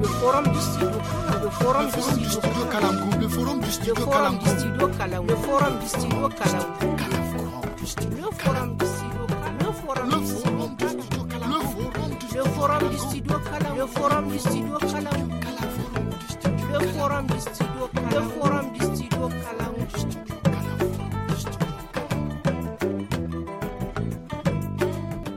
le forum du studio le du le forum du studio calam, le forum du studio le forum du studio le forum du studio le forum du studio calam. le forum du studio le forum du studio le forum du studio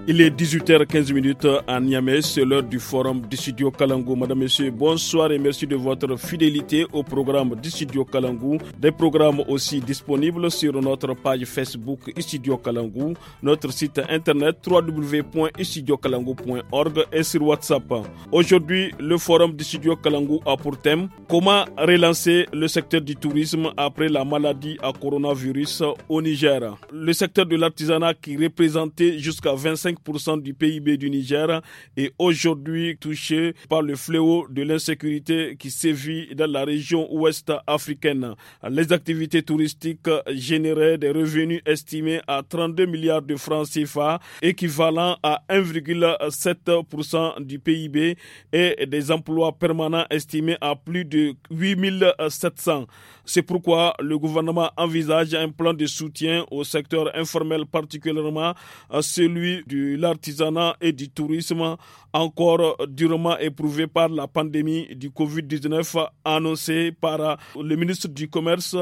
Il est 18h15 à Niamey, c'est l'heure du forum Studio Kalango. Madame, Monsieur, bonsoir et merci de votre fidélité au programme Dissidio Kalangou. Des programmes aussi disponibles sur notre page Facebook Studio Kalangou, notre site internet www.istudiokalangou.org et sur WhatsApp. Aujourd'hui, le forum Studio Kalangou a pour thème Comment relancer le secteur du tourisme après la maladie à coronavirus au Niger. Le secteur de l'artisanat qui représentait jusqu'à 25 du PIB du Niger est aujourd'hui touché par le fléau de l'insécurité qui sévit dans la région ouest africaine. Les activités touristiques généraient des revenus estimés à 32 milliards de francs CFA, équivalent à 1,7% du PIB et des emplois permanents estimés à plus de 8700. C'est pourquoi le gouvernement envisage un plan de soutien au secteur informel, particulièrement celui du l'artisanat et du tourisme, encore durement éprouvés par la pandémie du Covid-19 annoncée par le ministre du Commerce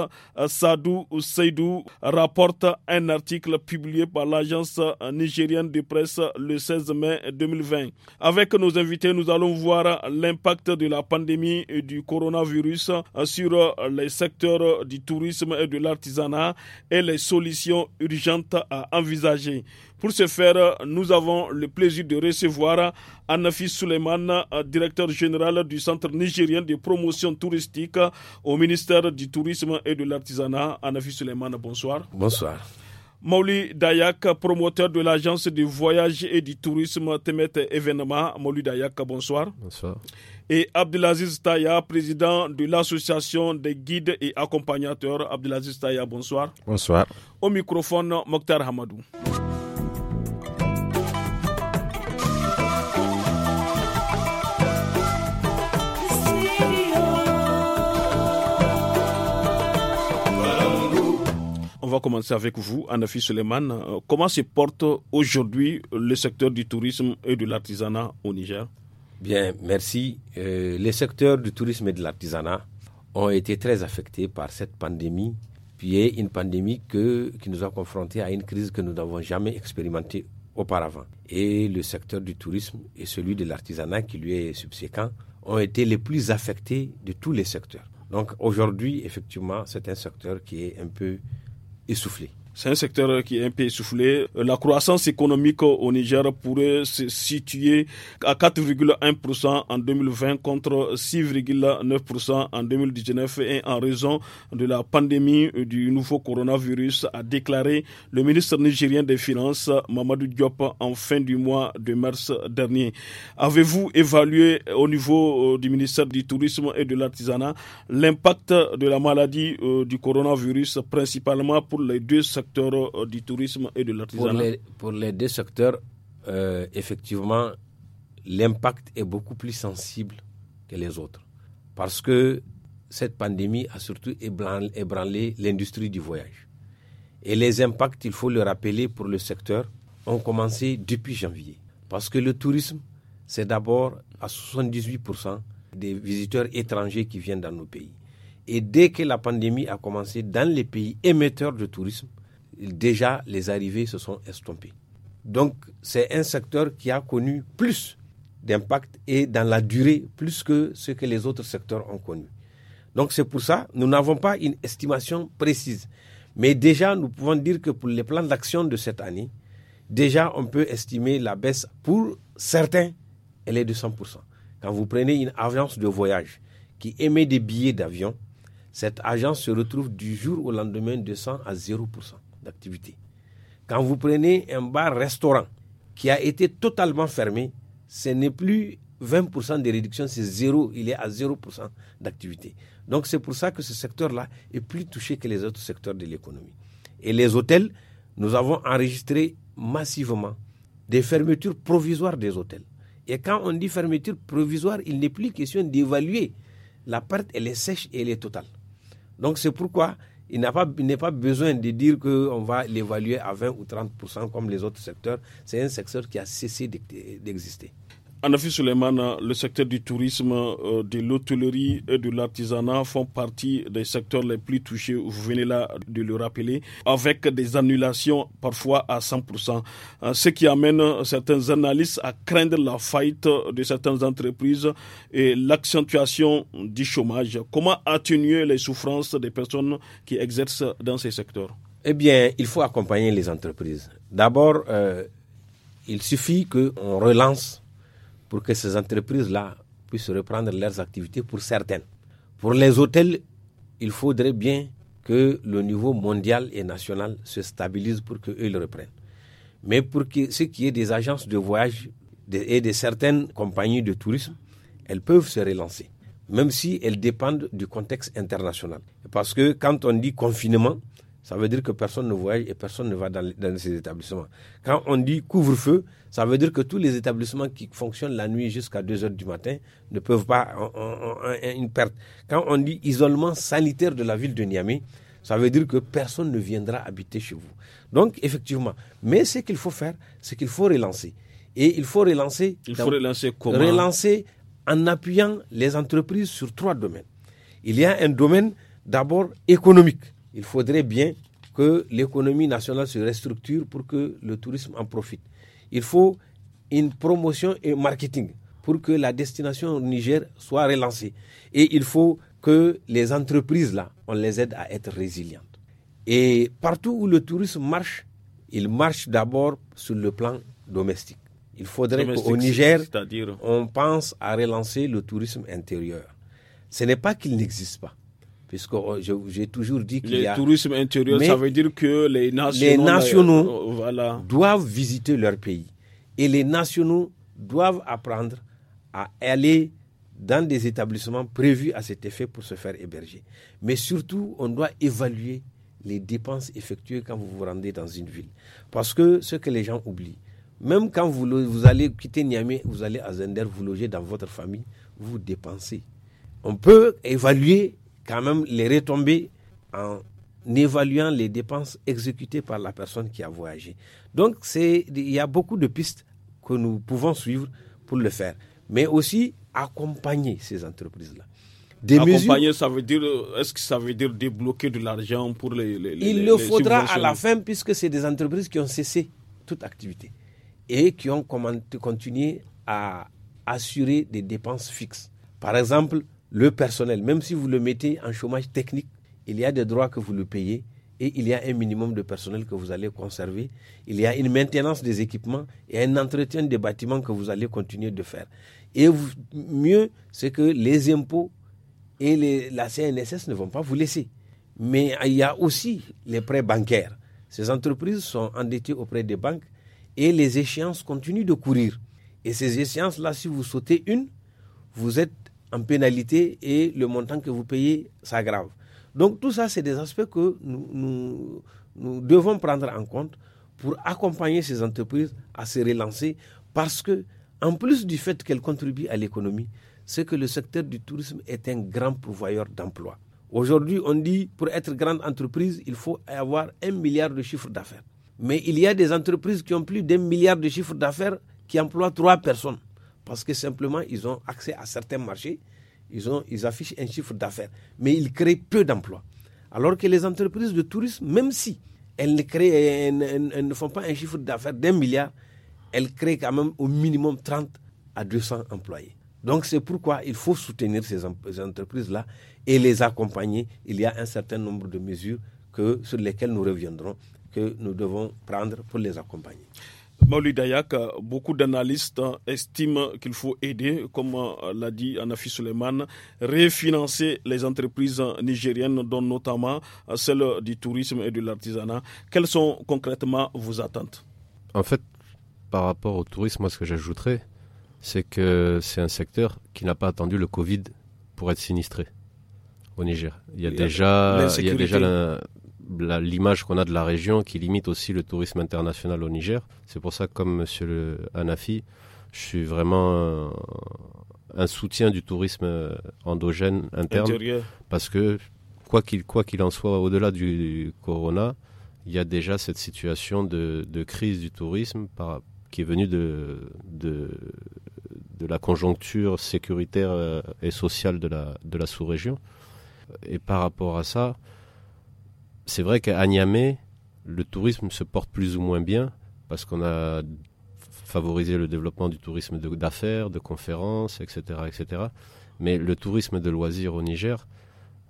Sadou Seydou, rapporte un article publié par l'agence nigérienne de presse le 16 mai 2020. Avec nos invités, nous allons voir l'impact de la pandémie du coronavirus sur les secteurs du tourisme et de l'artisanat et les solutions urgentes à envisager. Pour ce faire, nous avons le plaisir de recevoir Anafi Suleiman, directeur général du Centre nigérien de promotion touristique au ministère du Tourisme et de l'Artisanat. Anafi Suleiman, bonsoir. Bonsoir. Mauli Dayak, promoteur de l'agence de voyage et du tourisme Temet Événement. Mauli Dayak, bonsoir. Bonsoir. Et Abdelaziz Taya, président de l'association des guides et accompagnateurs. Abdelaziz Taya, bonsoir. Bonsoir. Au microphone, Mokhtar Hamadou. va commencer avec vous, Anafi Suleiman. Euh, comment se porte aujourd'hui le secteur du tourisme et de l'artisanat au Niger Bien, merci. Euh, les secteurs du tourisme et de l'artisanat ont été très affectés par cette pandémie, puis est une pandémie que, qui nous a confrontés à une crise que nous n'avons jamais expérimentée auparavant. Et le secteur du tourisme et celui de l'artisanat qui lui est subséquent ont été les plus affectés de tous les secteurs. Donc aujourd'hui, effectivement, c'est un secteur qui est un peu essoufflé. C'est un secteur qui est un peu essoufflé. Euh, la croissance économique au Niger pourrait se situer à 4,1% en 2020 contre 6,9% en 2019 et en raison de la pandémie du nouveau coronavirus, a déclaré le ministre nigérien des Finances, Mamadou Diop, en fin du mois de mars dernier. Avez-vous évalué au niveau euh, du ministère du Tourisme et de l'Artisanat l'impact de la maladie euh, du coronavirus, principalement pour les deux euh, du tourisme et de l'artisanat pour les, deux secteurs, euh, effectivement, l'impact est beaucoup plus sensible que les autres. Parce que cette pandémie a surtout ébranlé l'industrie du voyage. Et les impacts, il faut le rappeler pour le secteur, ont commencé depuis janvier. Parce que le tourisme, c'est d'abord à 78% des visiteurs étrangers qui viennent dans nos pays. Et dès que la pandémie a commencé dans les pays émetteurs de tourisme, déjà les arrivées se sont estompées. Donc c'est un secteur qui a connu plus d'impact et dans la durée plus que ce que les autres secteurs ont connu. Donc c'est pour ça, nous n'avons pas une estimation précise. Mais déjà, nous pouvons dire que pour les plans d'action de cette année, déjà on peut estimer la baisse pour certains, elle est de 100%. Quand vous prenez une agence de voyage qui émet des billets d'avion, cette agence se retrouve du jour au lendemain de 100 à 0% d'activité. Quand vous prenez un bar-restaurant qui a été totalement fermé, ce n'est plus 20% de réduction, c'est zéro, il est à 0% d'activité. Donc c'est pour ça que ce secteur-là est plus touché que les autres secteurs de l'économie. Et les hôtels, nous avons enregistré massivement des fermetures provisoires des hôtels. Et quand on dit fermeture provisoire, il n'est plus question d'évaluer. La perte, elle est sèche et elle est totale. Donc c'est pourquoi il n'a pas, pas, besoin de dire qu'on va l'évaluer à 20 ou 30 comme les autres secteurs. C'est un secteur qui a cessé d'exister. Anafi Souleymane, le secteur du tourisme, euh, de l'hôtellerie et de l'artisanat font partie des secteurs les plus touchés, vous venez là de le rappeler, avec des annulations parfois à 100%, euh, ce qui amène certains analystes à craindre la faillite de certaines entreprises et l'accentuation du chômage. Comment atténuer les souffrances des personnes qui exercent dans ces secteurs Eh bien, il faut accompagner les entreprises. D'abord, euh, il suffit qu'on relance pour que ces entreprises-là puissent reprendre leurs activités pour certaines. Pour les hôtels, il faudrait bien que le niveau mondial et national se stabilise pour qu'eux le reprennent. Mais pour ce qui est des agences de voyage et de certaines compagnies de tourisme, elles peuvent se relancer, même si elles dépendent du contexte international. Parce que quand on dit confinement, ça veut dire que personne ne voyage et personne ne va dans, ces établissements. Quand on dit couvre-feu, ça veut dire que tous les établissements qui fonctionnent la nuit jusqu'à 2 heures du matin ne peuvent pas une perte. Quand on dit isolement sanitaire de la ville de Niamey, ça veut dire que personne ne viendra habiter chez vous. Donc, effectivement, mais ce qu'il faut faire, c'est qu'il faut relancer. Et il faut relancer. Il faut Relancer en appuyant les entreprises sur trois domaines. Il y a un domaine d'abord économique il faudrait bien que l'économie nationale se restructure pour que le tourisme en profite. Il faut une promotion et un marketing pour que la destination au Niger soit relancée. Et il faut que les entreprises, là, on les aide à être résilientes. Et partout où le tourisme marche, il marche d'abord sur le plan domestique. Il faudrait qu'au Niger, on pense à relancer le tourisme intérieur. Ce n'est pas qu'il n'existe pas puisque oh, j'ai toujours dit que Le tourisme intérieur, ça veut dire que les nationaux, euh, euh, doivent visiter leur pays. Et les nationaux doivent apprendre à aller dans des établissements prévus à cet effet pour se faire héberger. Mais surtout, on doit évaluer les dépenses effectuées quand vous vous rendez dans une ville. Parce que ce que les gens oublient, même quand vous, vous allez quitter Niamey, vous allez à Zender, vous logez dans votre famille, vous dépensez. On peut évaluer quand même les retomber en évaluant les dépenses exécutées par la personne qui a voyagé. Donc, il y a beaucoup de pistes que nous pouvons suivre pour le faire, mais aussi accompagner ces entreprises-là. accompagner, ça veut dire, est-ce que ça veut dire débloquer de l'argent pour les, les Il le faudra à la fin, puisque c'est des entreprises qui ont cessé toute activité et qui ont continué à assurer des dépenses fixes. Par exemple, le personnel, même si vous le mettez en chômage technique, il y a des droits que vous le payez et il y a un minimum de personnel que vous allez conserver. Il y a une maintenance des équipements et un entretien des bâtiments que vous allez continuer de faire. Et mieux, c'est que les impôts et la CNSS ne vont pas vous laisser. Mais il y a aussi les prêts bancaires. Ces entreprises sont endettées auprès des banques et les échéances continuent de courir. Et ces échéances-là, si vous sautez une, vous êtes en pénalité et le montant que vous payez s'aggrave. Donc tout ça, c'est des aspects que nous, devons prendre en compte pour accompagner ces entreprises à se relancer parce que, en plus du fait qu'elles contribuent à l'économie, c'est que le secteur du tourisme est un grand pourvoyeur d'emplois. Aujourd'hui, on dit pour être grande entreprise, il faut avoir un milliard de chiffres d'affaires. Mais il y a des entreprises qui ont plus d'un milliard de chiffres d'affaires qui emploient trois personnes parce que simplement, ils ont accès à certains marchés, ils, affichent un chiffre d'affaires, mais ils créent peu d'emplois. Alors que les entreprises de tourisme, même si elles ne, créent, ne font pas un chiffre d'affaires d'un milliard, elles créent quand même au minimum 30 à 200 employés. Donc c'est pourquoi il faut soutenir ces entreprises-là et les accompagner. Il y a un certain nombre de mesures que, sur lesquelles nous reviendrons, que nous devons prendre pour les accompagner. Dayak, beaucoup d'analystes estiment qu'il faut aider, comme l'a dit Anafi Suleiman, refinancer les entreprises nigériennes, dont notamment celles du tourisme et de l'artisanat. Quelles sont concrètement vos attentes En fait, par rapport au tourisme, moi, ce que j'ajouterais, c'est que c'est un secteur qui n'a pas attendu le Covid pour être sinistré au Niger. Il y a, déjà, l'image qu'on a de la région qui limite aussi le tourisme international au Niger. C'est pour ça que, comme M. Le je suis vraiment un, soutien du tourisme euh, endogène interne. Parce que, quoi qu'il qu'il en soit, au-delà du, corona, il y a déjà cette situation de, de crise du tourisme par, qui est venue de, de, de, la conjoncture sécuritaire euh, et sociale de la, de la sous-région. Et par rapport à ça, c'est vrai qu'à Niamey, le tourisme se porte plus ou moins bien parce qu'on a favorisé le développement du tourisme d'affaires, de, conférences, etc., etc. Mais le tourisme de loisirs au Niger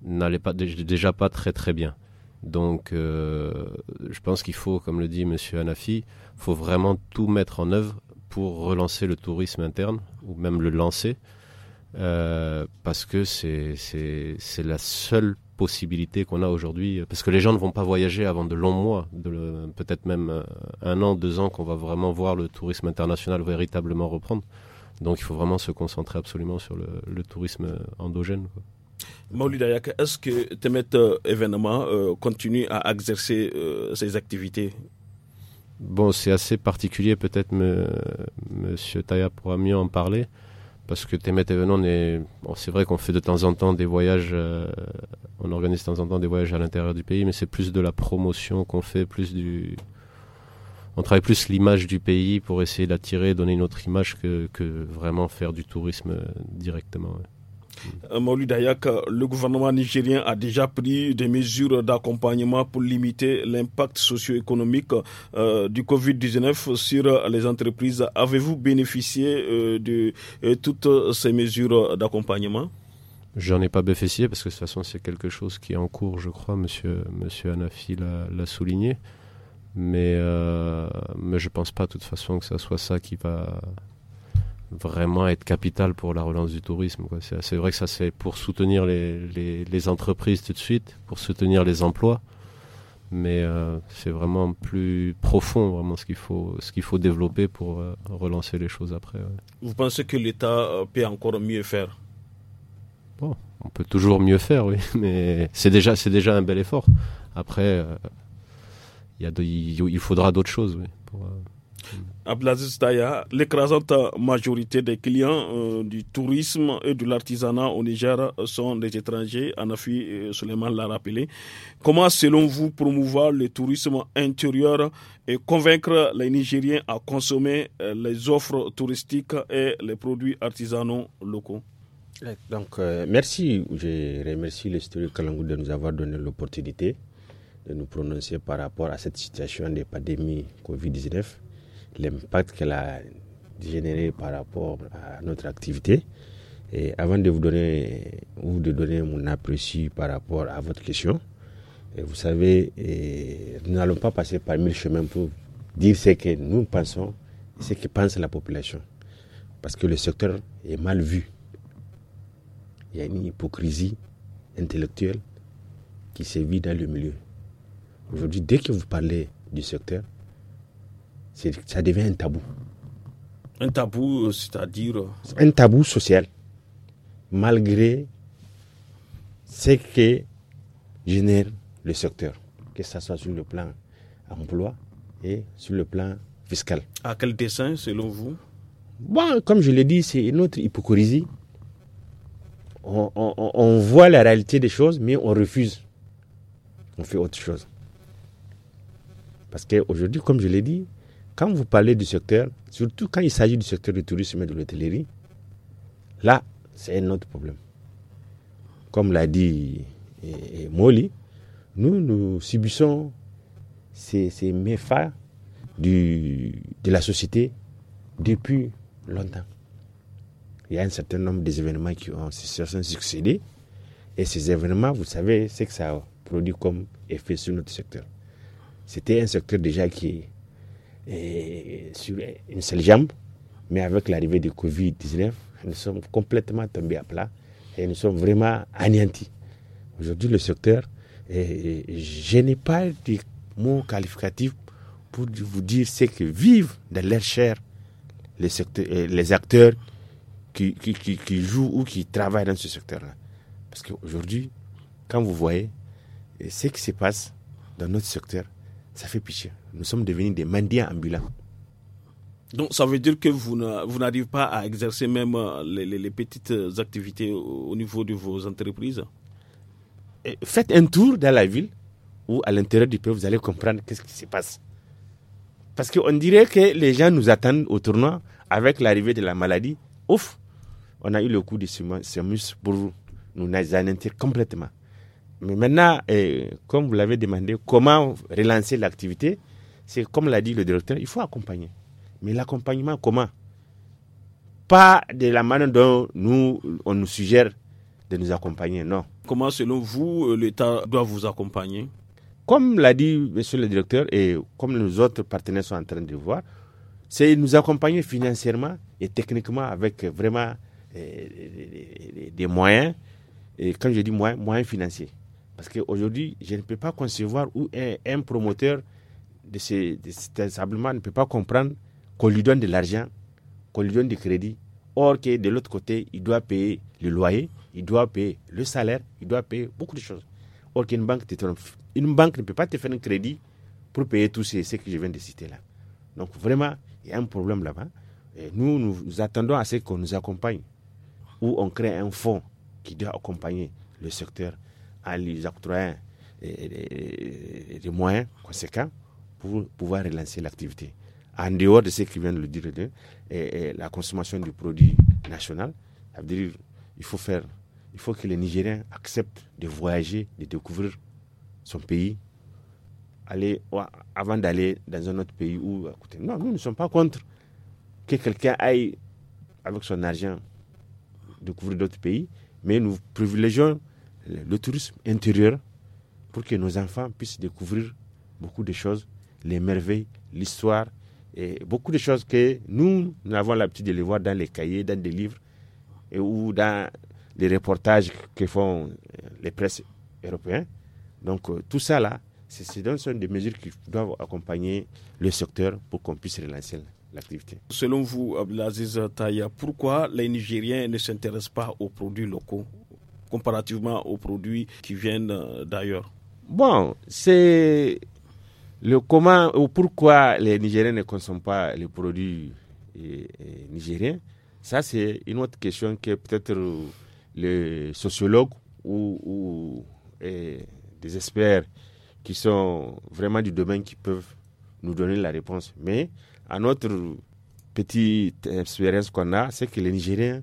n'allait pas déjà pas très très bien. Donc, euh, je pense qu'il faut, comme le dit Monsieur Anafi, faut vraiment tout mettre en œuvre pour relancer le tourisme interne ou même le lancer, euh, parce que c'est c'est la seule possibilités qu'on a aujourd'hui, euh, parce que les gens ne vont pas voyager avant de longs mois, de, peut-être même euh, un an, deux ans, qu'on va vraiment voir le tourisme international véritablement reprendre. Donc il faut vraiment se concentrer absolument sur le, tourisme euh, endogène. Quoi. Maulid est-ce que Temet événement continue à exercer ses activités Bon, c'est assez particulier, peut-être M. Monsieur Taya pourra mieux en parler parce que Temet et c'est vrai qu'on fait de temps en temps des voyages, euh, on organise de temps en temps des voyages à l'intérieur du pays, mais c'est plus de la promotion qu'on fait, plus du, on travaille plus l'image du pays pour essayer d'attirer, donner une autre image que, vraiment faire du tourisme directement. Euh, Maulu Dayak, le gouvernement nigérien a déjà pris des mesures d'accompagnement pour limiter l'impact socio-économique euh, du Covid-19 sur les entreprises. Avez-vous bénéficié euh, de toutes ces mesures d'accompagnement Je n'en ai pas bénéficié parce que de toute façon c'est quelque chose qui est en cours, je crois, Monsieur Anafi l'a souligné mais je mais je pense pas de toute façon que ce soit ça qui va vraiment être capital pour la relance du tourisme. C'est vrai que ça c'est pour soutenir les, les, entreprises tout de suite, pour soutenir les emplois, mais euh, c'est vraiment plus profond vraiment ce qu'il faut, ce qu'il faut développer pour euh, relancer les choses après. Vous pensez que l'État euh, peut encore mieux faire Bon, on peut toujours mieux faire, oui, mais c'est déjà, c'est déjà un bel effort. Après, il y faudra d'autres choses oui, pour, Abdelaziz Daya, l'écrasante majorité des clients euh, du tourisme et de l'artisanat au Niger sont des étrangers, Anafi euh, l'a rappelé. Comment, selon vous, promouvoir le tourisme intérieur et convaincre les Nigériens à consommer euh, les offres touristiques et les produits artisanaux locaux euh, merci. Je remercie le Kalangou de nous avoir donné l'opportunité de nous prononcer par rapport à cette situation de pandémie Covid-19 l'impact qu'elle a généré par rapport à notre activité. Et avant de vous donner ou de donner mon apprécié par rapport à votre question, et vous savez, et nous n'allons pas passer par mille chemins pour dire ce que nous pensons et ce que pense la population. Parce que le secteur est mal vu. Il y a une hypocrisie intellectuelle qui se vit dans le milieu. Aujourd'hui, dès que vous parlez du secteur, ça devient un tabou. Un tabou, euh, c'est-à-dire euh, Un tabou social. Malgré ce que génère le secteur, que ce soit sur le plan emploi et sur le plan fiscal. À quel dessin, selon vous Bon, comme je l'ai dit, c'est autre hypocrisie. On, on, voit la réalité des choses, mais on refuse. On fait autre chose. Parce qu'aujourd'hui, comme je l'ai dit, quand vous parlez du secteur, surtout quand il s'agit du secteur du tourisme et de l'hôtellerie, là, c'est un autre problème. Comme l'a dit eh, eh, Molly, nous, nous subissons ces, ces méfaits de la société depuis longtemps. Il y a un certain nombre d'événements qui ont, succédé Et ces événements, vous savez, c'est que ça a produit comme effet sur notre secteur. C'était un secteur déjà qui sur une seule jambe. Mais avec l'arrivée du Covid-19, nous sommes complètement tombés à plat et nous sommes vraiment anéantis. Aujourd'hui, le secteur, et je n'ai pas de mots qualificatifs pour vous dire ce que vivent dans leur chair les, euh, les acteurs qui, qui, qui, jouent ou qui travaillent dans ce secteur-là. Parce qu'aujourd'hui, quand vous voyez ce qui se passe dans notre secteur, ça fait pitié. Nous sommes devenus des mendiants ambulants. Donc ça veut dire que vous n'arrivez pas à exercer même euh, les, petites euh, activités au niveau de vos entreprises Faites un tour dans la ville ou à l'intérieur du pays, vous allez comprendre qu'est-ce qui se passe. Parce qu'on dirait que les gens nous attendent au tournoi avec l'arrivée de la maladie. Ouf, on a eu le coup de Simus pour nous anéantir complètement. Mais maintenant, eh, comme vous l'avez demandé, comment relancer l'activité C'est comme l'a dit le directeur, il faut accompagner. Mais l'accompagnement, comment Pas de la manière dont nous, on nous suggère de nous accompagner, non. Comment, selon vous, euh, l'État doit vous accompagner Comme l'a dit monsieur le directeur et comme nos autres partenaires sont en train de voir, c'est nous accompagner financièrement et techniquement avec vraiment eh, des, moyens, et quand je dis moyens, moyens financiers parce qu'aujourd'hui, je ne peux pas concevoir où un, promoteur de ces, de ne peut pas comprendre qu'on lui donne de l'argent, qu'on lui donne des crédit, or que de l'autre côté, il doit payer le loyer, il doit payer le salaire, il doit payer beaucoup de choses. Or qu'une banque, une banque ne peut pas te faire un crédit pour payer tout ce, que je viens de citer là. Donc vraiment, il y a un problème là-bas. Nous, nous, nous, attendons à ce qu'on nous accompagne, ou on crée un fonds qui doit accompagner le secteur à lui octroyer des moyens conséquents pour pouvoir relancer l'activité. En dehors de ce qui vient de le dire, la consommation du produit national, il faut faire, il faut que les Nigériens acceptent de voyager, de découvrir son pays, aller avant d'aller dans un autre pays où, non, nous ne sommes pas contre que quelqu'un aille avec son argent découvrir d'autres pays, mais nous privilégions le tourisme intérieur pour que nos enfants puissent découvrir beaucoup de choses, les merveilles, l'histoire, et beaucoup de choses que nous, nous avons l'habitude de les voir dans les cahiers, dans des livres, et ou dans les reportages que font euh, les presses européens Donc euh, tout ça là, ce sont des mesures qui doivent accompagner le secteur pour qu'on puisse relancer l'activité. Selon vous, Abdelaziz Taya, pourquoi les Nigériens ne s'intéressent pas aux produits locaux comparativement aux produits qui viennent euh, d'ailleurs Bon, c'est le comment ou pourquoi les Nigériens ne consomment pas les produits euh, euh, nigériens. Ça, c'est une autre question que peut-être les sociologues ou, ou des experts qui sont vraiment du domaine qui peuvent nous donner la réponse. Mais à notre petite expérience qu'on a, c'est que les Nigériens,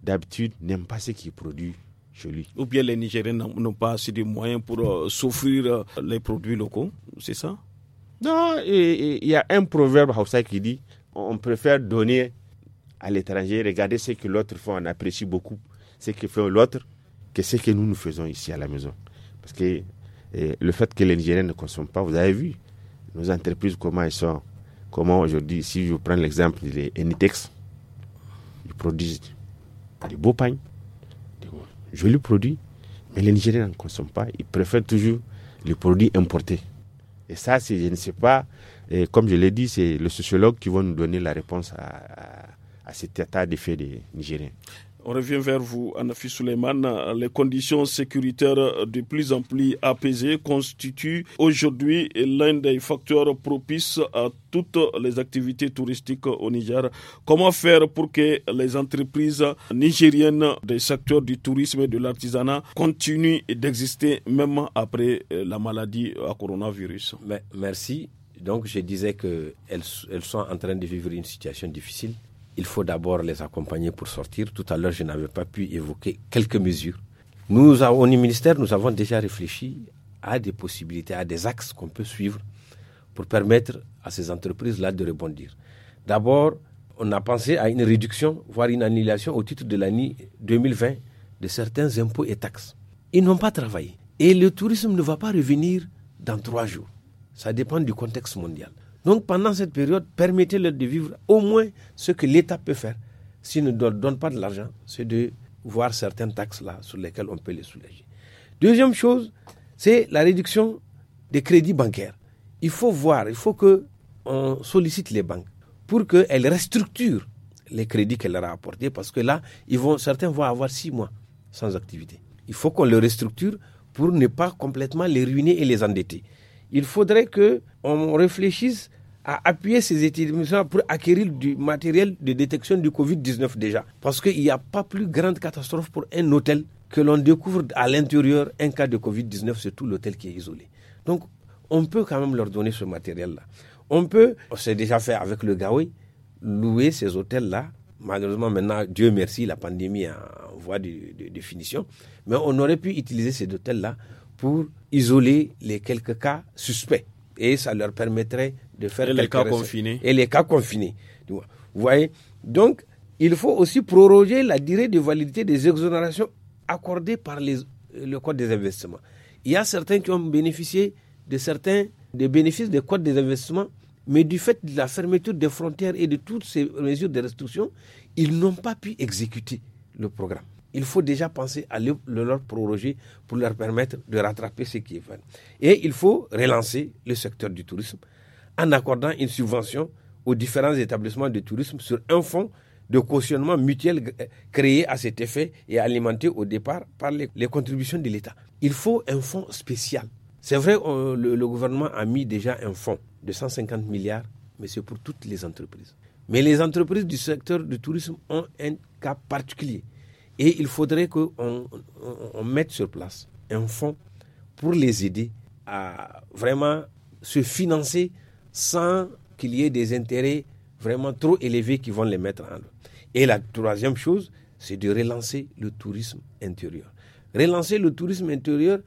d'habitude, n'aiment pas ce qui est produit ou bien les Nigériens n'ont pas assez de moyens pour souffrir euh, s'offrir euh, les produits locaux, c'est ça Non, il y a un proverbe qui dit on préfère donner à l'étranger, regarder ce que l'autre fait, on apprécie beaucoup ce que fait l'autre que ce que nous nous faisons ici à la maison. Parce que eh, le fait que les Nigériens ne consomment pas, vous avez vu nos entreprises, comment elles sont. Comment aujourd'hui, si je prends l'exemple des Enitex, ils produisent des beaux pains joli produit, mais les Nigériens n'en consomment pas. Ils préfèrent toujours les produits importés. Et ça, je ne sais pas, et comme je l'ai dit, c'est le sociologue qui va nous donner la réponse à, cet état d'effet des Nigériens. On revient vers vous, Anafi Suleiman. Les conditions sécuritaires de plus en plus apaisées constituent aujourd'hui l'un des facteurs propices à toutes les activités touristiques au Niger. Comment faire pour que les entreprises nigériennes des secteurs du tourisme et de l'artisanat continuent d'exister même après la maladie à coronavirus Merci. Donc je disais qu'elles elles sont en train de vivre une situation difficile il faut d'abord les accompagner pour sortir. Tout à l'heure, je n'avais pas pu évoquer quelques mesures. Nous, au ministère, nous avons déjà réfléchi à des possibilités, à des axes qu'on peut suivre pour permettre à ces entreprises-là de rebondir. D'abord, on a pensé à une réduction, voire une annulation au titre de l'année 2020 de certains impôts et taxes. Ils n'ont pas travaillé. Et le tourisme ne va pas revenir dans trois jours. Ça dépend du contexte mondial. Donc pendant cette période, permettez-leur de vivre au moins ce que l'État peut faire. S'il ne donne pas de l'argent, c'est de voir certaines taxes-là sur lesquelles on peut les soulager. Deuxième chose, c'est la réduction des crédits bancaires. Il faut voir, il faut que on sollicite les banques pour qu'elles restructurent les crédits qu'elles leur a apportés parce que là, ils vont, certains vont avoir six mois sans activité. Il faut qu'on les restructure pour ne pas complètement les ruiner et les endetter il faudrait que on réfléchisse à appuyer ces établissements pour acquérir du matériel de détection du Covid-19 déjà. Parce qu'il n'y a pas plus grande catastrophe pour un hôtel que l'on découvre à l'intérieur un cas de Covid-19, c'est tout l'hôtel qui est isolé. Donc, on peut quand même leur donner ce matériel-là. On peut, on s'est déjà fait avec le Gaoui, louer ces hôtels-là. Malheureusement, maintenant, Dieu merci, la pandémie est en voie de, de finition. Mais on aurait pu utiliser ces hôtels-là pour isoler les quelques cas suspects. Et ça leur permettrait de faire... Et les cas confinés. Et les cas confinés. Vous voyez Donc, il faut aussi proroger la durée de validité des exonérations accordées par les, euh, le Code des investissements. Il y a certains qui ont bénéficié de certains des bénéfices du Code des investissements, mais du fait de la fermeture des frontières et de toutes ces mesures de restriction, ils n'ont pas pu exécuter le programme il faut déjà penser à le, leur proroger pour leur permettre de rattraper ce qui est fait. Et il faut relancer le secteur du tourisme en accordant une subvention aux différents établissements de tourisme sur un fonds de cautionnement mutuel euh, créé à cet effet et alimenté au départ par les, contributions de l'État. Il faut un fonds spécial. C'est vrai, le, le gouvernement a mis déjà un fonds de 150 milliards, mais c'est pour toutes les entreprises. Mais les entreprises du secteur du tourisme ont un cas particulier. Et il faudrait qu'on mette sur place un fonds pour les aider à vraiment se financer sans qu'il y ait des intérêts vraiment trop élevés qui vont les mettre en l'eau. Et la troisième chose, c'est de relancer le tourisme intérieur. Relancer le tourisme intérieur,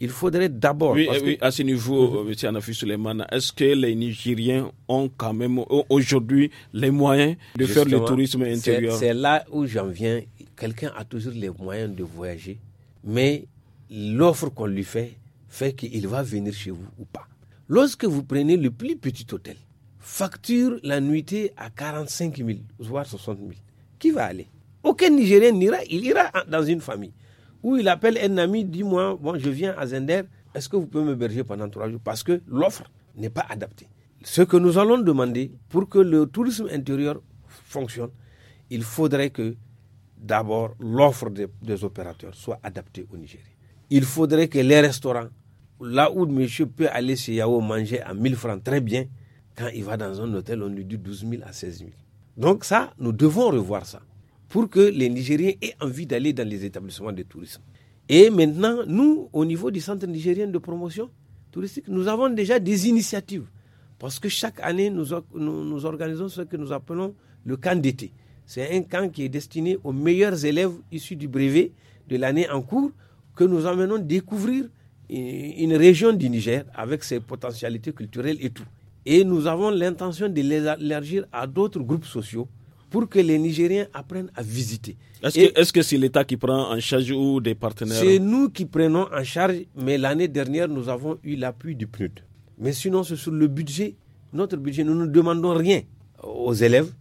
il faudrait d'abord. Oui, oui à ce niveau, M. Mhm. Euh, Anafi Suleiman, est-ce que les Nigériens ont quand même aujourd'hui les moyens de faire le tourisme intérieur C'est là où j'en viens. Quelqu'un a toujours les moyens de voyager, mais l'offre qu'on lui fait fait qu'il va venir chez vous ou pas. Lorsque vous prenez le plus petit hôtel, facture la nuitée à 45 000, voire 60 000, qui va aller Aucun Nigérien n'ira, il ira dans une famille. Où il appelle un ami, dis-moi, bon, je viens à Zender, est-ce que vous pouvez m'héberger pendant trois jours Parce que l'offre n'est pas adaptée. Ce que nous allons demander pour que le tourisme intérieur fonctionne, il faudrait que d'abord l'offre des, opérateurs soit adaptée au Nigeria. Il faudrait que les restaurants, là où monsieur peut aller chez Yao manger à 1000 francs très bien, quand il va dans un hôtel, on lui dit 12 000 à 16 000. Donc ça, nous devons revoir ça pour que les Nigériens aient envie d'aller dans les établissements de tourisme. Et maintenant, nous, au niveau du Centre nigérien de promotion touristique, nous avons déjà des initiatives. Parce que chaque année, nous, nous, organisons ce que nous appelons le camp d'été. C'est un camp qui est destiné aux meilleurs élèves issus du brevet de l'année en cours que nous emmenons découvrir euh, une région du Niger avec ses potentialités culturelles et tout. Et nous avons l'intention de les élargir à d'autres groupes sociaux pour que les Nigériens apprennent à visiter. Est-ce que c'est l'État qui prend en charge ou des partenaires C'est nous qui prenons en charge, mais l'année dernière, nous avons eu l'appui du PNUD. Mais sinon, c'est sur le budget, notre budget, nous ne demandons rien aux élèves.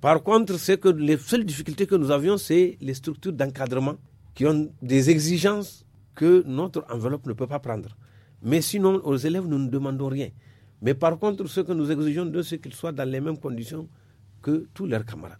Par contre, c'est que les seules difficultés que nous avions, c'est les structures d'encadrement qui ont des exigences que notre enveloppe ne peut pas prendre. Mais sinon, aux élèves, nous ne demandons rien. Mais par contre, ce que nous exigeons de c'est qu'ils soient dans les mêmes conditions que tous leurs camarades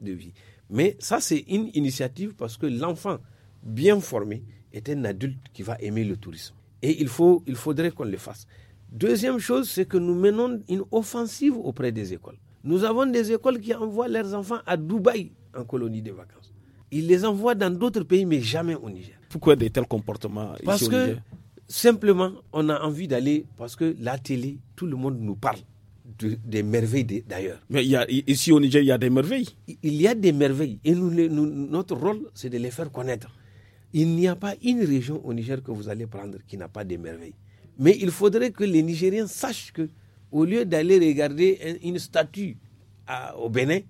de vie. Mais ça, c'est une initiative parce que l'enfant bien formé est un adulte qui va aimer le tourisme. Et il, faut, il faudrait qu'on le fasse. Deuxième chose, c'est que nous menons une offensive auprès des écoles. Nous avons des écoles qui envoient leurs enfants à Dubaï en colonie de vacances. Ils les envoient dans d'autres pays, mais jamais au Niger. Pourquoi de tels comportements Parce ici au Niger que simplement, on a envie d'aller, parce que la télé, tout le monde nous parle des merveilles d'ailleurs. Mais il y a, ici au Niger, il y a des merveilles. Il y a des merveilles et notre rôle, c'est de les faire connaître. Il n'y a pas une région au Niger que vous allez prendre qui n'a pas des merveilles. Mais il faudrait que les Nigériens sachent que, au lieu d'aller regarder une statue au Bénin,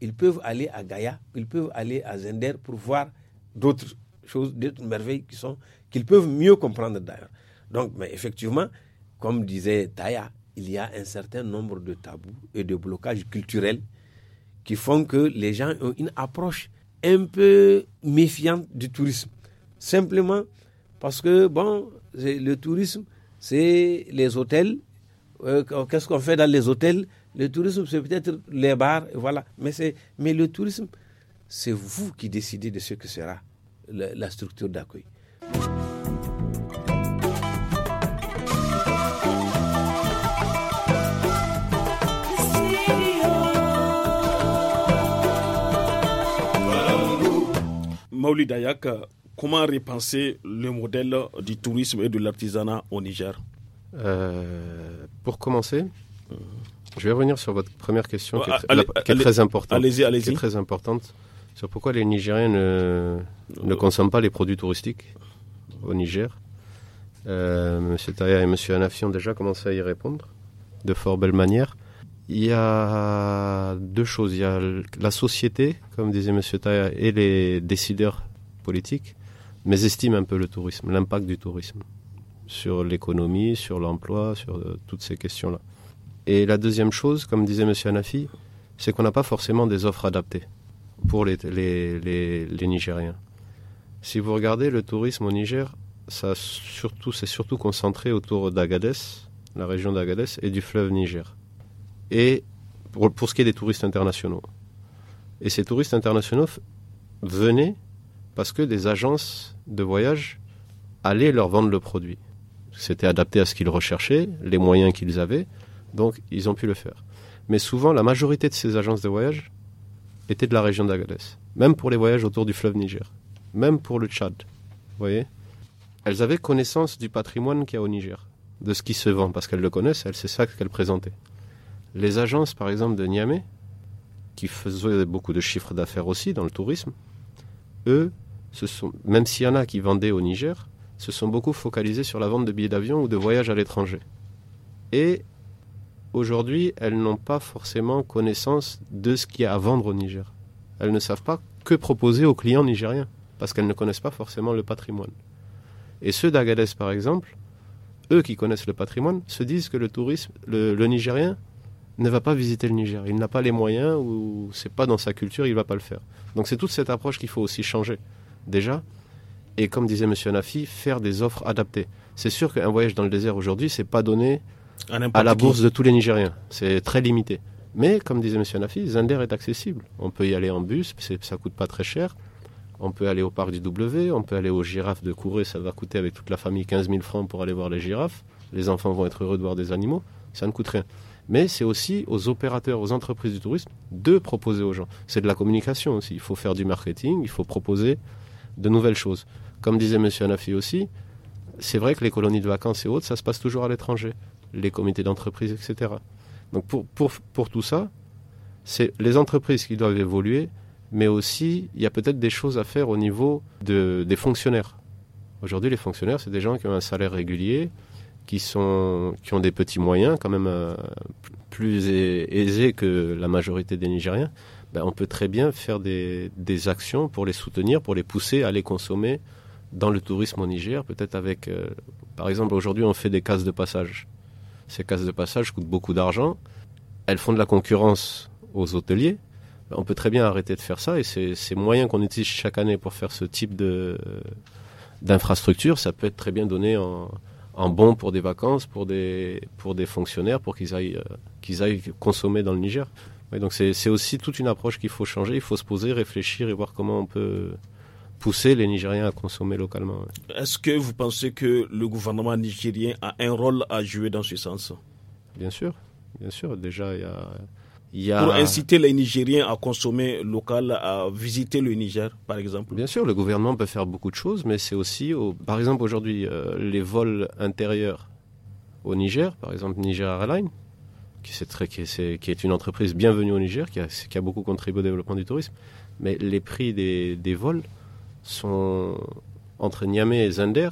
ils peuvent aller à Gaïa, ils peuvent aller à Zender pour voir d'autres choses, d'autres merveilles qui sont qu'ils peuvent mieux comprendre d'ailleurs. Donc, mais effectivement, comme disait Taya, il y a un certain nombre de tabous et de blocages culturels qui font que les gens ont une approche un peu méfiante du tourisme. Simplement parce que, bon, le tourisme, c'est les hôtels. Euh, qu'est-ce qu'on fait dans les hôtels Le tourisme, c'est peut-être les bars, voilà. Mais, mais le tourisme, c'est vous qui décidez de ce que sera la structure d'accueil. Dayak, comment repenser le modèle du tourisme et de l'artisanat au Niger euh, Pour commencer, je vais revenir sur votre première question qui est, très importante. très importante sur pourquoi les Nigériens ne, euh. consomment pas les produits touristiques au Niger. Euh, M. Taya et M. Anafi ont déjà commencé à y répondre de fort belle manière il y a deux choses. Il y a la société, comme disait M. Taya, et les décideurs politiques, mais estiment un peu le tourisme, l'impact du tourisme sur l'économie, sur l'emploi, sur euh, toutes ces questions-là. Et la deuxième chose, comme disait M. Anafi, c'est qu'on n'a pas forcément des offres adaptées pour les, les, Nigériens. Si vous regardez le tourisme au Niger, ça surtout, c'est surtout concentré autour d'Agadez, la région d'Agadez, et du fleuve Niger et pour, ce qui est des touristes internationaux. Et ces touristes internationaux venaient parce que des agences de voyage allaient leur vendre le produit. C'était adapté à ce qu'ils recherchaient, les moyens qu'ils avaient, donc ils ont pu le faire. Mais souvent, la majorité de ces agences de voyage étaient de la région d'Agadez, même pour les voyages autour du fleuve Niger, même pour le Tchad. Vous voyez Elles avaient connaissance du patrimoine qu'il y a au Niger, de ce qui se vend, parce qu'elles le connaissent, elles, c'est ça qu'elles présentaient. Les agences, par exemple, de Niamey, qui faisaient beaucoup de chiffres d'affaires aussi dans le tourisme, eux, sont, même s'il y en a qui vendaient au Niger, se sont beaucoup focalisés sur la vente de billets d'avion ou de voyages à l'étranger. Et aujourd'hui, elles n'ont pas forcément connaissance de ce qu'il y a à vendre au Niger. Elles ne savent pas que proposer aux clients nigériens, parce qu'elles ne connaissent pas forcément le patrimoine. Et ceux d'Agadez, par exemple, eux qui connaissent le patrimoine, se disent que le tourisme, le Nigérien, ne va pas visiter le Niger. Il n'a pas les moyens ou c'est pas dans sa culture, il va pas le faire. Donc c'est toute cette approche qu'il faut aussi changer déjà. Et comme disait Monsieur Nafi, faire des offres adaptées. C'est sûr qu'un voyage dans le désert aujourd'hui, c'est pas donné à, la bourse de tous les Nigériens. C'est très limité. Mais comme disait Monsieur Nafi, Zinder est accessible. On peut y aller en bus, ça coûte pas très cher. On peut aller au parc du W, on peut aller aux girafes de Couré, ça va coûter avec toute la famille 15 000 francs pour aller voir les girafes. Les enfants vont être heureux de voir des animaux, ça ne coûte rien mais c'est aussi aux opérateurs, aux entreprises du tourisme de proposer aux gens. C'est de la communication aussi. Il faut faire du marketing, il faut proposer de nouvelles choses. Comme disait M. Anafi aussi, c'est vrai que les colonies de vacances et autres, ça se passe toujours à l'étranger, les comités d'entreprise, etc. Donc pour, pour, pour tout ça, c'est les entreprises qui doivent évoluer, mais aussi il y a peut-être des choses à faire au niveau de, des fonctionnaires. Aujourd'hui, les fonctionnaires, c'est des gens qui ont un salaire régulier, qui, sont, qui ont des petits moyens, quand même euh, plus aisés que la majorité des Nigériens, ben, on peut très bien faire des, actions pour les soutenir, pour les pousser à les consommer dans le tourisme au Niger, peut-être avec... Euh, par exemple, aujourd'hui, on fait des cases de passage. Ces cases de passage coûtent beaucoup d'argent. Elles font de la concurrence aux hôteliers. Ben, on peut très bien arrêter de faire ça. Et ces moyens qu'on utilise chaque année pour faire ce type de d'infrastructure, ça peut être très bien donné en, en bon pour des vacances, pour des, pour des fonctionnaires, pour qu'ils aillent, euh, qu'ils aillent consommer dans le Niger. donc c'est aussi toute une approche qu'il faut changer. Il faut se poser, réfléchir et voir comment on peut pousser les Nigériens à consommer localement. Est-ce que vous pensez que le gouvernement nigérien a un rôle à jouer dans ce sens Bien sûr, bien sûr. Déjà, il y a pour inciter les Nigériens à consommer local, à visiter le Niger, par exemple Bien sûr, le gouvernement peut faire beaucoup de choses, mais c'est aussi, par exemple, aujourd'hui, euh, les vols intérieurs au Niger, par exemple Niger Airlines, qui, qui, est, une entreprise bienvenue au Niger, qui a, beaucoup contribué au développement du tourisme, mais les prix des, vols sont, entre Niamey et Zinder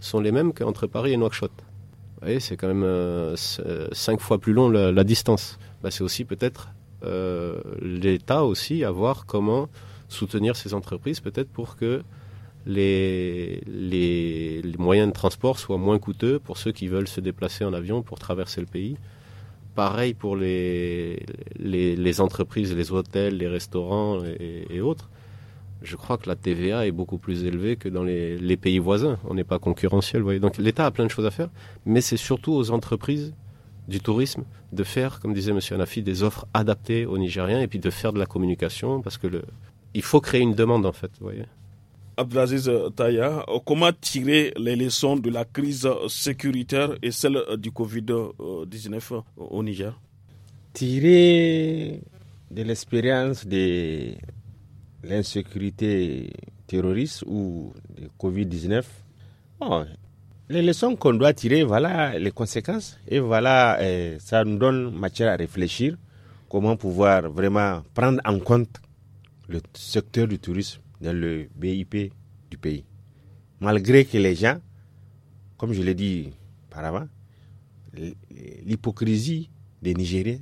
sont les mêmes qu'entre Paris et Nouakchott. Vous voyez, c'est quand même 5 euh, euh, cinq fois plus long la distance. Bah, c'est aussi peut-être euh, l'État aussi à voir comment soutenir ces entreprises, peut-être pour que les, moyens de transport soient moins coûteux pour ceux qui veulent se déplacer en avion pour traverser le pays. Pareil pour les, entreprises, les hôtels, les restaurants et, autres. Je crois que la TVA est beaucoup plus élevée que dans les, pays voisins. On n'est pas concurrentiel. Voyez. Donc l'État a plein de choses à faire, mais c'est surtout aux entreprises du tourisme, de faire, comme disait M. Anafi, des offres adaptées aux Nigériens et puis de faire de la communication parce que le, il faut créer une demande en fait, voyez. Abdelaziz euh, Taya, euh, comment tirer les leçons de la crise sécuritaire et celle euh, du Covid-19 au Niger Tirer de l'expérience de l'insécurité terroriste ou du Covid-19, les leçons qu'on doit tirer, voilà les conséquences et voilà, euh, ça nous donne matière à réfléchir comment pouvoir vraiment prendre en compte le secteur du tourisme dans le BIP du pays. Malgré que les gens, comme je l'ai dit auparavant, l'hypocrisie des Nigériens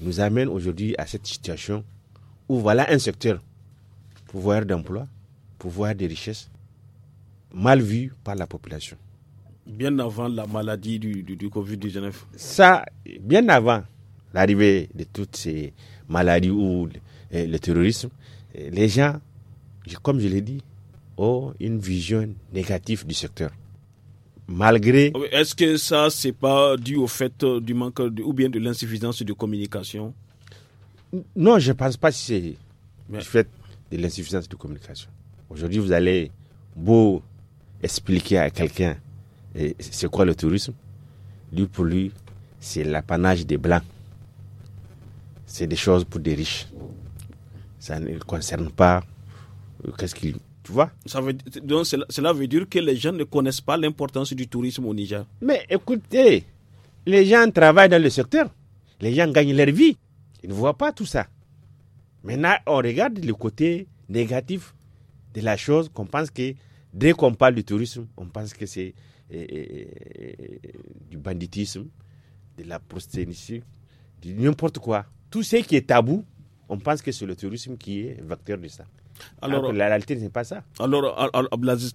nous amène aujourd'hui à cette situation où voilà un secteur, pouvoir d'emploi, pouvoir de richesse, mal vu par la population. Bien avant la maladie du, Covid-19 Ça, bien avant l'arrivée de toutes ces maladies ou le, terrorisme, les gens, comme je l'ai dit, ont une vision négative du secteur malgré. Ah est-ce que ça, c'est pas dû au fait euh, du manque ou bien de l'insuffisance de communication Non, je ne pense pas que c'est du fait de l'insuffisance de communication. Aujourd'hui, vous allez beau expliquer à quelqu'un c'est quoi le tourisme Lui, pour lui, c'est l'apanage des blancs. C'est des choses pour des riches. Ça ne concerne pas. Qu'est-ce qu'il. Tu vois donc cela, cela veut dire que les gens ne connaissent pas l'importance du tourisme au Niger. Mais écoutez, les gens travaillent dans le secteur. Les gens gagnent leur vie. Ils ne voient pas tout ça. Maintenant, on regarde le côté négatif de la chose qu'on pense que dès qu'on parle du tourisme, on pense que c'est et, du banditisme, de la prostitution, de n'importe quoi. Tout ce qui est tabou, on pense que c'est le tourisme qui est vecteur de ça. Alors, la réalité, ce n'est pas ça. Alors, Abdelaziz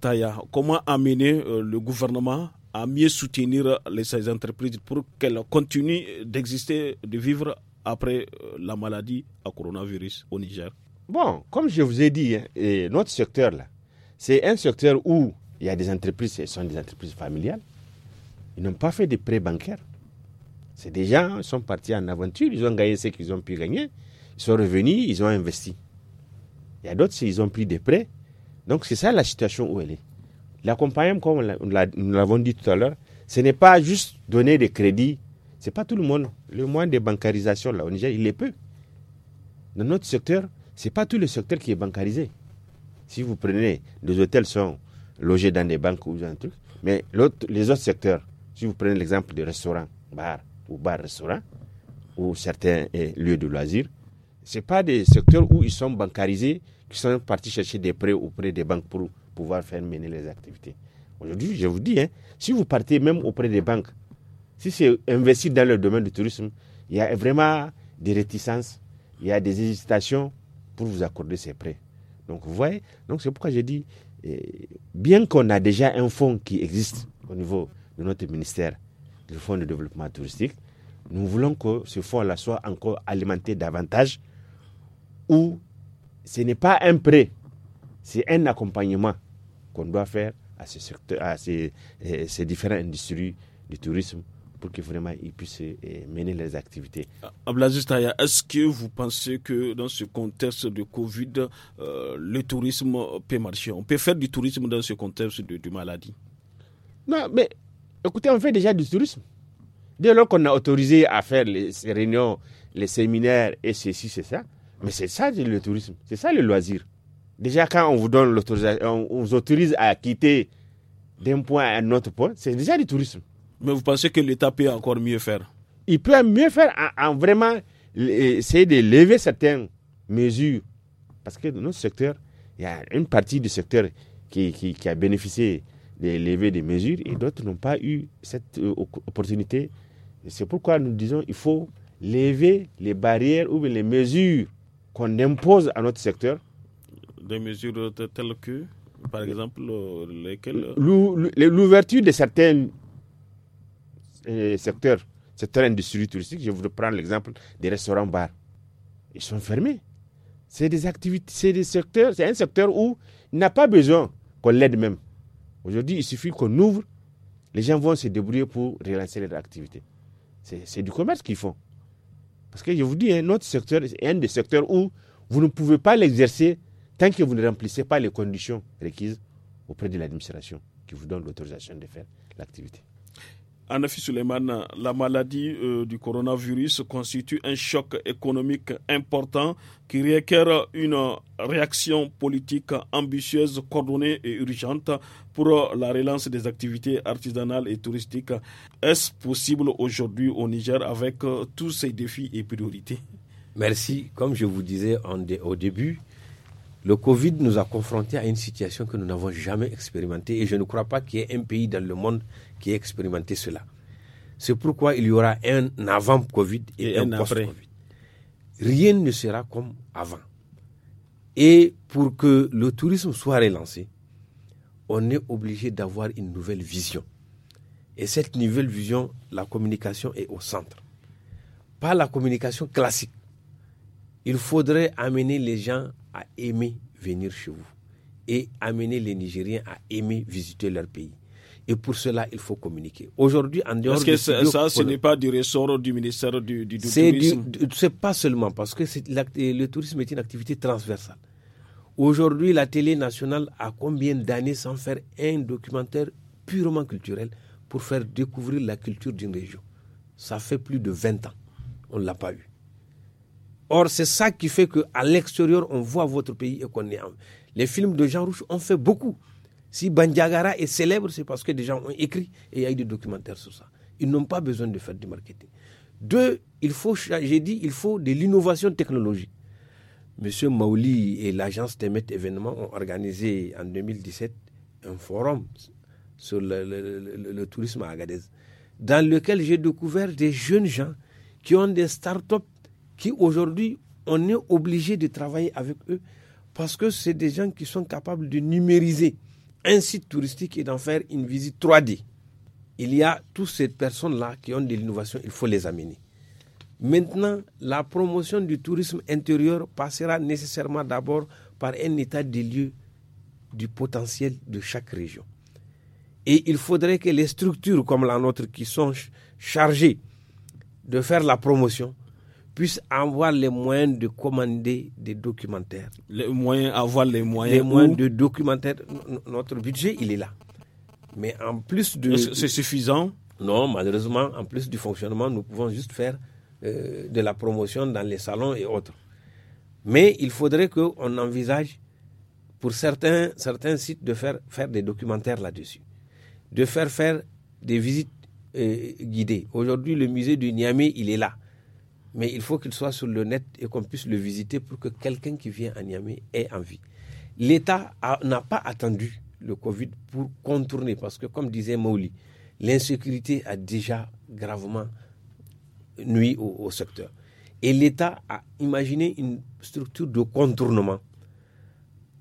comment amener euh, le gouvernement à mieux soutenir euh, les, ces entreprises pour qu'elles continuent d'exister, de vivre après euh, la maladie à coronavirus au Niger Bon, comme je vous ai dit, hein, notre secteur, là, c'est un secteur où il y a des entreprises, ce sont des entreprises familiales. Ils n'ont pas fait de prêts bancaires. C'est des gens, ils sont partis en aventure, ils ont gagné ce qu'ils ont pu gagner, ils sont revenus, ils ont investi. Il y a d'autres, ils ont pris des prêts. Donc c'est ça la situation où elle est. L'accompagnement, comme nous l'avons dit tout à l'heure, ce n'est pas juste donner des crédits. Ce n'est pas tout le monde. Le moins de bancarisation, là, au Niger, il est peu. Dans notre secteur, ce n'est pas tout le secteur qui est bancarisé. Si vous prenez, les hôtels sont logés dans des banques ou un truc. Mais les autres secteurs, si vous prenez l'exemple des restaurants, bars ou bars-restaurants, ou certains eh, lieux de loisirs, ce pas des secteurs où ils sont bancarisés, qui sont partis chercher des prêts auprès des banques pour pouvoir faire mener les activités. Aujourd'hui, je vous dis, hein, si vous partez même auprès des banques, si c'est investi dans le domaine du tourisme, il y a vraiment des réticences, il y a des hésitations pour vous accorder ces prêts. Donc vous voyez, donc c'est pourquoi j'ai dit eh, bien qu'on a déjà un fonds qui existe au niveau de notre ministère, le fonds de développement touristique, nous voulons que ce fonds-là soit encore alimenté davantage, où ce n'est pas un prêt, c'est un accompagnement qu'on doit faire à, ce secteur, à ces, eh, ces différentes industries du tourisme pour que vraiment puissent eh, mener les activités. Ah, est-ce que vous pensez que dans ce contexte de Covid, euh, le tourisme peut marcher On peut faire du tourisme dans ce contexte de, maladie Non, mais écoutez, on fait déjà du tourisme. Dès lors qu'on a autorisé à faire les réunions, les séminaires et ceci, c'est ça. Mais c'est ça le tourisme, c'est ça le loisir. Déjà, quand on vous donne l'autorisation, on vous autorise à quitter d'un point à un autre point, c'est déjà du tourisme. Mais vous pensez que l'État peut encore mieux faire Il peut mieux faire en, vraiment euh, essayer de lever certaines mesures. Parce que dans notre secteur, il y a une partie du secteur qui, qui, a bénéficié de lever des mesures et d'autres n'ont pas eu cette euh, opportunité. C'est pourquoi nous disons qu'il faut lever les barrières ou les mesures qu'on impose à notre secteur. Des mesures telles que, par exemple, euh, lesquelles L'ouverture de certaines secteur, secteur industrie touristique, je vous prendre l'exemple des restaurants-bars. Ils sont fermés. C'est des activités, c'est des secteurs, c'est un secteur où il n'a pas besoin qu'on l'aide même. Aujourd'hui, il suffit qu'on ouvre, les gens vont se débrouiller pour relancer leur activité. C'est du commerce qu'ils font. Parce que je vous dis, un hein, autre secteur est un des secteurs où vous ne pouvez pas l'exercer tant que vous ne remplissez pas les conditions requises auprès de l'administration qui vous donne l'autorisation de faire l'activité. Anafi Suleiman, la maladie euh, du coronavirus constitue un choc économique important qui requiert une réaction politique ambitieuse, coordonnée et urgente pour la relance des activités artisanales et touristiques. Est-ce possible aujourd'hui au Niger avec tous ces défis et priorités Merci. Comme je vous disais en, au début, le Covid nous a confrontés à une situation que nous n'avons jamais expérimentée et je ne crois pas qu'il y ait un pays dans le monde qui ait expérimenté cela. C'est pourquoi il y aura un avant Covid et, un, post-Covid. Rien ne sera comme avant. Et pour que le tourisme soit relancé, on est obligé d'avoir une nouvelle vision. Et cette nouvelle vision, la communication est au centre. Pas la communication classique. Il faudrait amener les gens à aimer venir chez vous et amener les Nigériens à aimer visiter leur pays. Et pour cela, il faut communiquer. Aujourd'hui, en dehors Parce que ça, ce n'est pas du ressort du ministère du, du, du tourisme. C'est pas seulement parce que le tourisme est une activité transversale. Aujourd'hui, la télé nationale a combien d'années sans faire un documentaire purement culturel pour faire découvrir la culture d'une région Ça fait plus de 20 ans. On ne l'a pas eu. Or, c'est ça qui fait qu'à l'extérieur, on voit votre pays et qu'on est Les films de Jean Rouge ont fait beaucoup. Si Bandiagara est célèbre, c'est parce que des gens ont écrit et il y a eu des documentaires sur ça. Ils n'ont pas besoin de faire du marketing. Deux, il faut, j'ai dit, il faut de l'innovation technologique. Monsieur Maouli et l'agence Temet Événements ont organisé en 2017 un forum sur le, le tourisme à Agadez, dans lequel j'ai découvert des jeunes gens qui ont des start-up qui aujourd'hui, on est obligé de travailler avec eux parce que c'est des gens qui sont capables de numériser un site touristique et d'en faire une visite 3D. Il y a toutes ces personnes-là qui ont de l'innovation, il faut les amener. Maintenant, la promotion du tourisme intérieur passera nécessairement d'abord par un état des lieux du potentiel de chaque région. Et il faudrait que les structures comme la nôtre qui sont chargées de faire la promotion puisse avoir les moyens de commander des documentaires. Les moyens, avoir les moyens. de documentaires. Notre budget, il est là. Mais en plus de. C'est suffisant Non, malheureusement, en plus du fonctionnement, nous pouvons juste faire euh, de la promotion dans les salons et autres. Mais il faudrait qu'on envisage, pour certains, certains sites, de faire, faire des documentaires là-dessus. De faire faire des visites euh, guidées. Aujourd'hui, le musée du Niamey, il est là mais il faut qu'il soit sur le net et qu'on puisse le visiter pour que quelqu'un qui vient à Niamey ait envie. L'État n'a pas attendu le Covid pour contourner, parce que comme disait Mauli, l'insécurité a déjà gravement nuit au, au secteur. Et l'État a imaginé une structure de contournement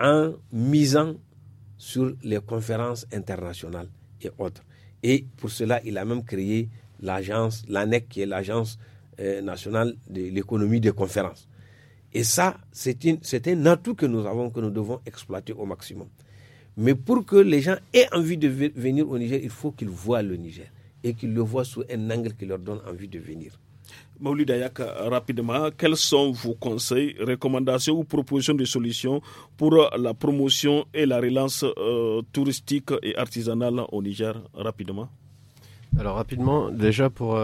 en misant sur les conférences internationales et autres. Et pour cela, il a même créé l'agence, l'ANEC, qui est l'agence euh, national de l'économie des conférences. Et ça, c'est un atout que nous avons, que nous devons exploiter au maximum. Mais pour que les gens aient envie de venir au Niger, il faut qu'ils voient le Niger et qu'ils le voient sous un angle qui leur donne envie de venir. Maouli Dayak, euh, rapidement, quels sont vos conseils, recommandations ou propositions de solutions pour euh, la promotion et la relance touristique et artisanale au Niger Rapidement. Alors rapidement, déjà pour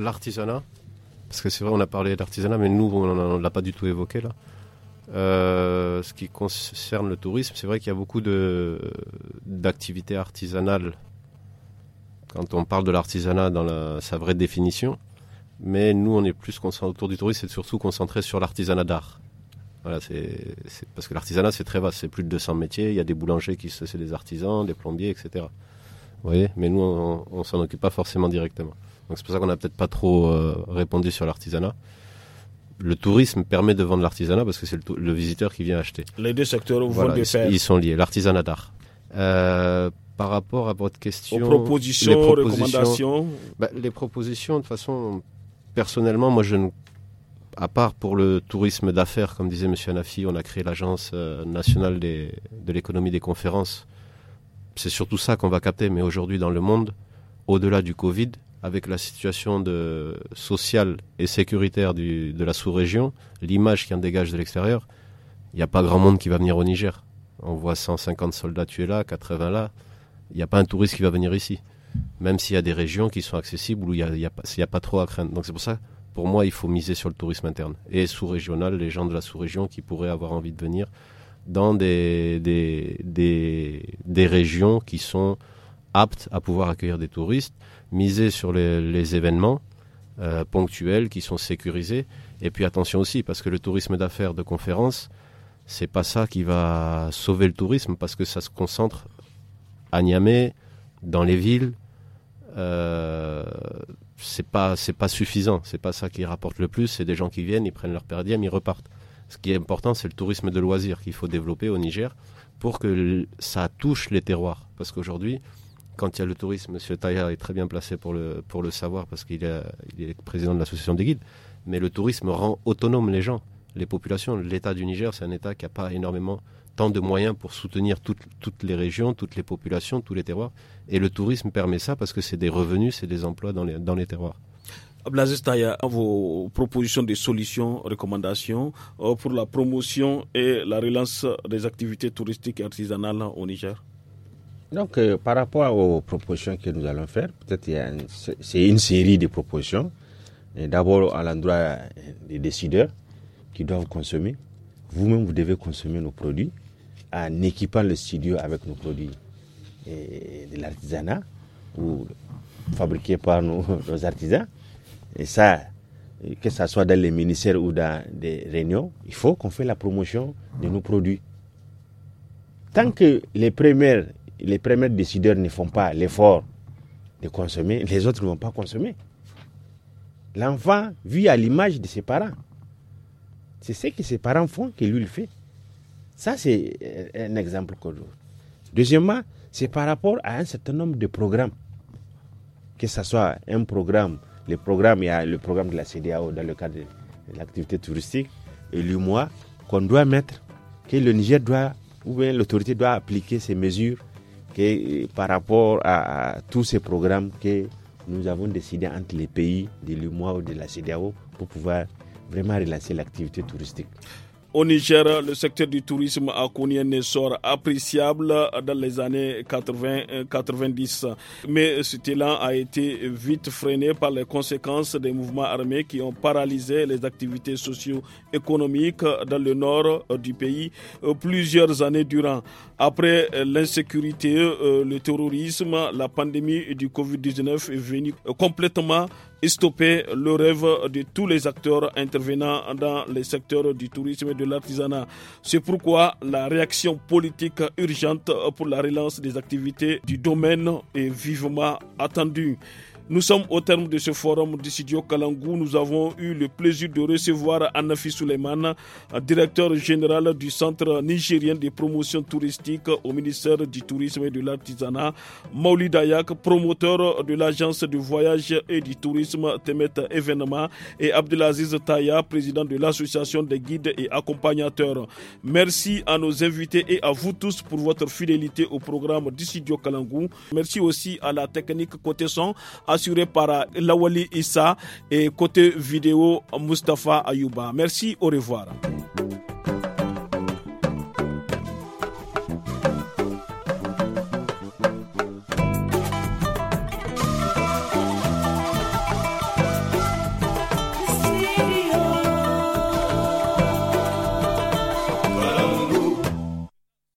l'artisanat, parce que c'est vrai, on a parlé d'artisanat, mais nous, on ne l'a pas du tout évoqué là. Euh, ce qui concerne le tourisme, c'est vrai qu'il y a beaucoup d'activités artisanales. Quand on parle de l'artisanat dans sa vraie définition, mais nous, on est plus concentré autour du tourisme, c'est surtout concentré sur l'artisanat d'art. Voilà, c'est parce que l'artisanat c'est très vaste, c'est plus de 200 métiers. Il y a des boulangers qui c'est des artisans, des plombiers, etc. Vous voyez, mais nous on, on s'en occupe pas forcément directement c'est pour ça qu'on n'a peut-être pas trop euh, répondu sur l'artisanat le tourisme permet de vendre l'artisanat parce que c'est le, visiteur qui vient acheter. Les deux secteurs vous ils, sont liés, l'artisanat d'art. Euh, par rapport à votre question, Aux propositions, les propositions, recommandations. Bah, les propositions, de toute façon, personnellement, moi, je ne, à part pour le tourisme d'affaires, comme disait Monsieur Anafi, on a créé l'agence euh, nationale de l'économie des conférences. C'est surtout ça qu'on va capter. Mais aujourd'hui, dans le monde, au-delà du Covid, avec la situation de, sociale et sécuritaire du, de la sous-région, l'image qui en dégage de l'extérieur, il n'y a pas grand monde qui va venir au Niger. On voit 150 soldats tués là, 80 là. Il n'y a pas un touriste qui va venir ici. Même s'il y a des régions qui sont accessibles où il n'y a, a, pas trop à craindre. Donc c'est pour ça, pour moi, il faut miser sur le tourisme interne. Et sous-régional, les gens de la sous-région qui pourraient avoir envie de venir dans des, des, des, des régions qui sont aptes à pouvoir accueillir des touristes miser sur les, événements euh, ponctuels qui sont sécurisés. Et puis attention aussi, parce que le tourisme d'affaires de conférence, c'est pas ça qui va sauver le tourisme, parce que ça se concentre à Niamey, dans les villes. Euh, c'est pas c'est pas suffisant, c'est pas ça qui rapporte le plus. C'est des gens qui viennent, ils prennent leur per ils repartent. Ce qui est important, c'est le tourisme de loisirs qu'il faut développer au Niger pour que ça touche les terroirs. Parce qu'aujourd'hui, quand il y a le tourisme, M. Taillard est très bien placé pour le, savoir parce qu'il est, président de l'association des guides. Mais le tourisme rend autonome les gens, les populations. L'État du Niger, c'est un État qui n'a pas énormément tant de moyens pour soutenir toutes, les régions, toutes les populations, tous les terroirs. Et le tourisme permet ça parce que c'est des revenus, c'est des emplois dans les, dans les terroirs. à vos propositions de solutions, recommandations euh, pour la promotion et la relance des activités touristiques et artisanales au Niger donc, euh, par rapport aux propositions que nous allons faire, peut-être c'est une série de propositions. D'abord à l'endroit euh, des décideurs qui doivent consommer. Vous-même, vous devez consommer nos produits en équipant le studio avec nos produits euh, de l'artisanat ou fabriqués par nos, nos artisans. Et ça, que ce soit dans les ministères ou dans des réunions, il faut qu'on fasse la promotion de nos produits. Tant que les premières les premiers décideurs ne font pas l'effort de consommer, les autres ne vont pas consommer. L'enfant vit à l'image de ses parents. C'est ce que ses parents font que lui le fait. Ça, c'est euh, un exemple que je Deuxièmement, c'est par rapport à un certain nombre de programmes. Que ce soit un programme, le programme, le programme de la CDAO dans le cadre de l'activité touristique, et l'UMOA, qu'on doit mettre, que le Niger doit, ou bien l'autorité doit appliquer ces mesures que par rapport à, tous ces programmes que nous avons décidé entre les pays de l'UMOA ou de la CDAO pour pouvoir vraiment relancer l'activité touristique. Au Niger, le secteur du tourisme a connu un essor appréciable dans les années 80-90, euh, mais cet élan a été vite freiné par les conséquences des mouvements armés qui ont paralysé les activités socio-économiques dans le nord euh, du pays euh, plusieurs années durant. Après l'insécurité, le terrorisme, la pandémie du Covid-19 est venue complètement stopper le rêve de tous les acteurs intervenant dans les secteurs du tourisme et de l'artisanat. C'est pourquoi la réaction politique urgente pour la relance des activités du domaine est vivement attendue. Nous sommes au terme de ce forum d'Issidio Kalangou. Nous avons eu le plaisir de recevoir Anafi Suleiman, directeur général du Centre nigérien des promotions touristiques au ministère du Tourisme et de l'Artisanat, Mauli Dayak, promoteur de l'agence de voyage et du tourisme Temet Événement, et Abdelaziz Taya, président de l'association des guides et accompagnateurs. Merci à nos invités et à vous tous pour votre fidélité au programme d'Issidio Kalangou. Merci aussi à la technique côté À assuré par euh, Lawali Issa et côté vidéo Mustapha Ayuba. Merci, au revoir.